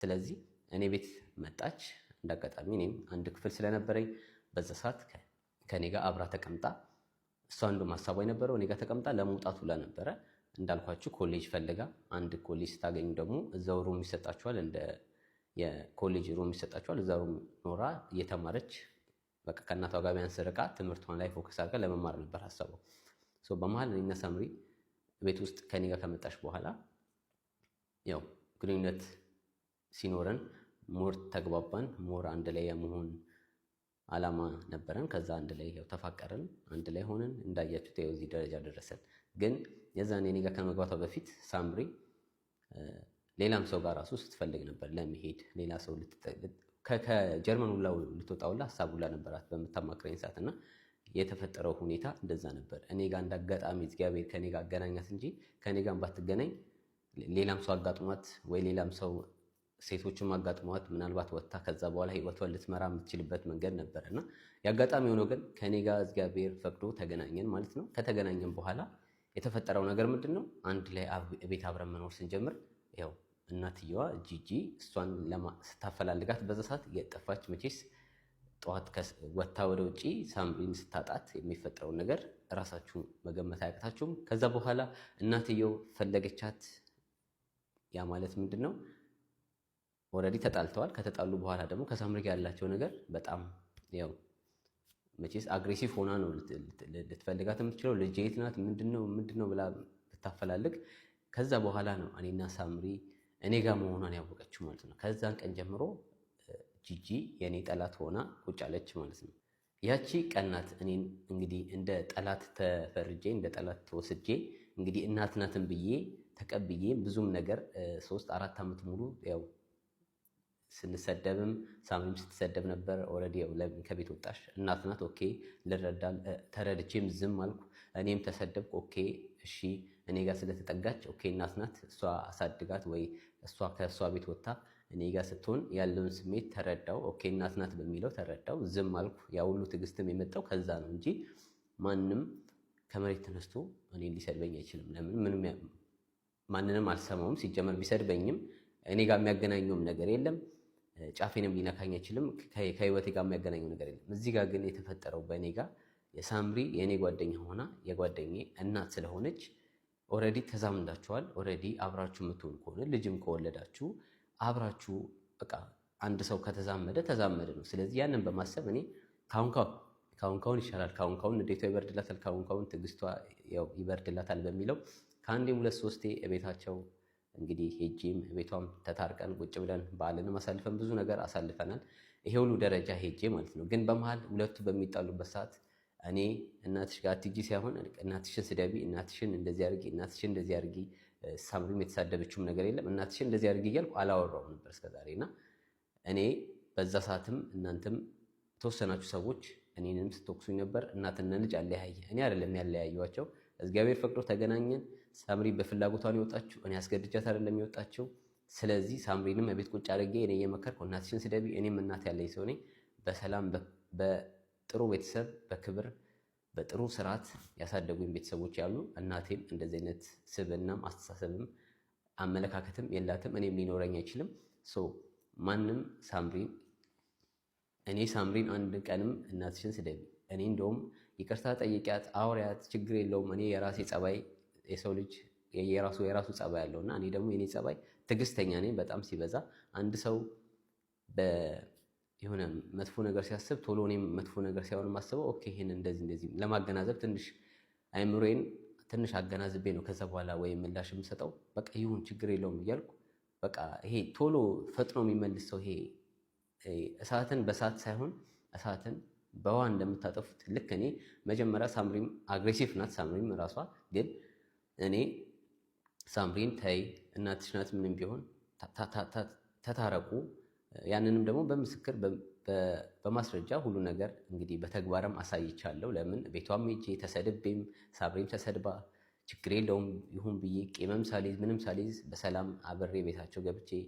ስለዚህ እኔ ቤት መጣች። እንዳጋጣሚ እኔም አንድ ክፍል ስለነበረኝ በዛ ሰዓት ከኔ ጋር አብራ ተቀምጣ እሷ አንዱ ሀሳቧ የነበረው እኔ ጋር ተቀምጣ ለመውጣት ሁላ ነበረ። እንዳልኳችሁ ኮሌጅ ፈልጋ አንድ ኮሌጅ ስታገኝ ደግሞ እዛው ሩም ይሰጣችኋል፣ እንደ የኮሌጅ ሩም ይሰጣችኋል። እዛ ሩም ኖራ እየተማረች በቃ ከእናቷ ጋር ቢያንስ ርቃ ትምህርቷን ላይ ፎከስ አድርጋ ለመማር ነበር ሀሳቧ። በመሀል እኔና ሳምሪ ቤት ውስጥ ከኔ ጋር ከመጣች በኋላ ያው ግንኙነት ሲኖረን ሞር ተግባባን፣ ሞር አንድ ላይ የመሆን አላማ ነበረን። ከዛ አንድ ላይ ያው ተፋቀርን፣ አንድ ላይ ሆነን እንዳያችሁት ያው እዚህ ደረጃ ደረሰን። ግን የዛን እኔ ጋር ከመግባቷ በፊት ሳምሪ ሌላም ሰው ጋር ራሱ ስትፈልግ ነበር ለመሄድ ሌላ ሰው ከጀርመን ሁላ ልትወጣውላ ሳቡላ ሀሳብ ሁላ ነበራት በምታማክረኝ ሰዓት እና የተፈጠረው ሁኔታ እንደዛ ነበር። እኔ ጋር እንዳጋጣሚ እግዚአብሔር ከኔ ጋር አገናኛት እንጂ ከኔ ጋር ባትገናኝ ሌላም ሰው አጋጥሟት ወይ ሌላም ሰው ሴቶችም አጋጥመዋት ምናልባት ወጥታ ከዛ በኋላ ህይወቷን ልትመራ የምትችልበት መንገድ ነበረ እና የአጋጣሚ ሆኖ ግን ከእኔ ጋር እግዚአብሔር ፈቅዶ ተገናኘን ማለት ነው። ከተገናኘን በኋላ የተፈጠረው ነገር ምንድን ነው? አንድ ላይ ቤት አብረን መኖር ስንጀምር ያው እናትየዋ ጂጂ እሷን ስታፈላልጋት በዛ ሰዓት የጠፋች መቼስ ጠዋት ወታ ወደ ውጭ ሳምሪን ስታጣት የሚፈጠረውን ነገር እራሳችሁ መገመት አያቅታችሁም። ከዛ በኋላ እናትየው ፈለገቻት። ያ ማለት ምንድን ነው ኦልሬዲ ተጣልተዋል። ከተጣሉ በኋላ ደግሞ ከሳምሪ ጋር ያላቸው ነገር በጣም ያው መቼስ አግሬሲቭ ሆና ነው ልትፈልጋት የምትችለው። ልጅ ናት ምንድነው ምንድነው ብላ ብታፈላልግ ከዛ በኋላ ነው እኔና ሳምሪ እኔ ጋር መሆኗን ያወቀችው ማለት ነው። ከዛን ቀን ጀምሮ ጂጂ የእኔ ጠላት ሆና ቁጭ አለች ማለት ነው። ያቺ ቀናት እኔን እንግዲህ እንደ ጠላት ተፈርጄ እንደ ጠላት ተወስጄ እንግዲህ እናትናትን ብዬ ተቀብዬ ብዙም ነገር ሶስት አራት ዓመት ሙሉ ያው ስንሰደብም ሳምም ስትሰደብ ነበር። ኦልሬዲ ከቤት ወጣሽ እናት ናት። ኦኬ ልረዳል። ተረድቼም ዝም አልኩ። እኔም ተሰደብኩ። ኦኬ እሺ፣ እኔ ጋር ስለተጠጋች ኦኬ፣ እናት ናት። እሷ አሳድጋት ወይ እሷ ከእሷ ቤት ወጥታ እኔ ጋር ስትሆን ያለውን ስሜት ተረዳው። ኦኬ፣ እናት ናት በሚለው ተረዳው። ዝም አልኩ። ያ ሁሉ ትዕግስትም የመጣው ከዛ ነው እንጂ ማንም ከመሬት ተነስቶ እኔ ሊሰድበኝ አይችልም። ለምን ምንም ማንንም አልሰማውም። ሲጀመር ቢሰድበኝም እኔ ጋር የሚያገናኘውም ነገር የለም። ጫፌንም ሊነካኝ አይችልም። ከህይወቴ ጋር የሚያገናኘው ነገር የለም። እዚህ ጋር ግን የተፈጠረው በእኔ ጋር የሳምሪ የእኔ ጓደኛ ሆና የጓደኛ እናት ስለሆነች ኦልሬዲ ተዛምዳችኋል። ኦልሬዲ አብራችሁ የምትሆኑ ከሆነ ልጅም ከወለዳችሁ አብራችሁ በቃ አንድ ሰው ከተዛመደ ተዛመደ ነው። ስለዚህ ያንን በማሰብ እኔ ካሁን ካሁን ካሁን ይሻላል፣ ካሁን ካሁን እንዴቷ ይበርድላታል፣ ካሁን ካሁን ትዕግስቷ ይበርድላታል በሚለው ከአንዴም ሁለት ሶስቴ ቤታቸው እንግዲህ ሄጄም ቤቷም ተታርቀን ቁጭ ብለን በዓልንም አሳልፈን ብዙ ነገር አሳልፈናል። ይሄ ሁሉ ደረጃ ሄጄ ማለት ነው። ግን በመሀል ሁለቱ በሚጣሉበት ሰዓት እኔ እናትሽ ጋር አትሂጂ ሳይሆን እናትሽን ስደቢ፣ እናትሽን እንደዚህ አድርጊ፣ እናትሽን እንደዚህ አድርጊ፣ ሳምሪም የተሳደበችውም ነገር የለም እናትሽን እንደዚህ አድርጊ እያልኩ አላወራውም ነበር እስከዛሬ እና እኔ በዛ ሰዓትም እናንተም ተወሰናችሁ ሰዎች እኔንም ስትወቅሱኝ ነበር። እናትና ልጅ አለያየ እኔ አይደለም ያለያየኋቸው እግዚአብሔር ፈቅዶ ተገናኘን። ሳምሪ በፍላጎቷ ነው የወጣችው። እኔ አስገድጃት አይደለም የወጣችው። ስለዚህ ሳምሪንም ቤት ቁጭ አድርጌ እኔ እየመከርኩ እናትሽን ስደቢ፣ እኔም እናት ያለኝ ሰው ነኝ። በሰላም በጥሩ ቤተሰብ በክብር በጥሩ ስርዓት ያሳደጉኝ ቤተሰቦች ያሉ እናቴም እንደዚህ አይነት ስብናም አስተሳሰብም አመለካከትም የላትም፣ እኔም ሊኖረኝ አይችልም። ማንም ሳምሪን እኔ ሳምሪን አንድ ቀንም እናትሽን ስደቢ፣ እኔ እንደውም ይቅርታ ጠይቂያት፣ አውሪያት፣ ችግር የለውም እኔ የራሴ ጸባይ የሰው ልጅ የራሱ የራሱ ጸባይ አለው እና እኔ ደግሞ የኔ ጸባይ ትግስተኛ ነኝ። በጣም ሲበዛ አንድ ሰው የሆነ መጥፎ ነገር ሲያስብ ቶሎ እኔም መጥፎ ነገር ሲሆን ማስበው ኦኬ፣ ይህን እንደዚህ እንደዚህ ለማገናዘብ ትንሽ አይምሮዬን ትንሽ አገናዝቤ ነው ከዛ በኋላ ወይ ምላሽ የምሰጠው። በቃ ይሁን ችግር የለውም እያልኩ በቃ ይሄ ቶሎ ፈጥኖ የሚመልስ ሰው ይሄ እሳትን በእሳት ሳይሆን እሳትን በውሃ እንደምታጠፉት ልክ እኔ መጀመሪያ ሳምሪም አግሬሲቭ ናት። ሳምሪም ራሷ ግን እኔ ሳምሪን ተይ እናትሽ ናት፣ ምንም ቢሆን ተታረቁ። ያንንም ደግሞ በምስክር በማስረጃ ሁሉ ነገር እንግዲህ በተግባርም አሳይቻለሁ። ለምን ቤቷም ሄጄ ተሰድቤም ሳምሪም ተሰድባ ችግር የለውም ይሁን ብዬ ቄመም ሳሊዝ ምንም ሳሊዝ በሰላም አብሬ ቤታቸው ገብቼ